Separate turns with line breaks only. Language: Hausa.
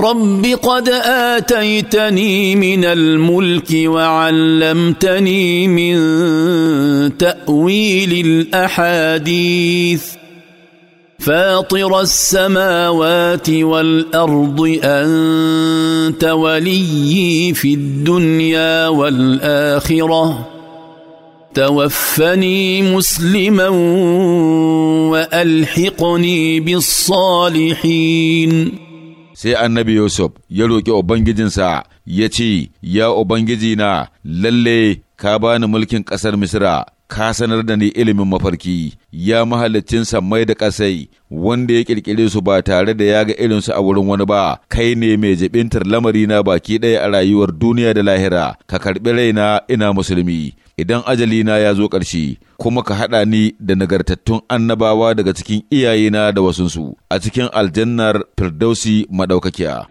رب قد اتيتني من الملك وعلمتني من تاويل الاحاديث فاطر السماوات والارض انت وليي في الدنيا والاخره توفني مسلما والحقني بالصالحين sai
annabi Yusuf ya roƙi Ubangijinsa ya ce, Ya Ubangijina, lalle ka bani mulkin ƙasar misira. ka sanar da ni ilimin mafarki, ya mahalicin mai da ƙasai, wanda ya ƙirƙire su ba tare da ya ga irinsu a wurin wani ba, kai ne mai jibintar na baki ɗaya a rayuwar duniya da lahira, ka karɓi raina ina musulmi. Idan ajalina ya zo ƙarshe, kuma ka haɗa ni da nagartattun annabawa daga cikin iyayena da wasunsu, a cikin aljannar Firdausi maɗaukakiya.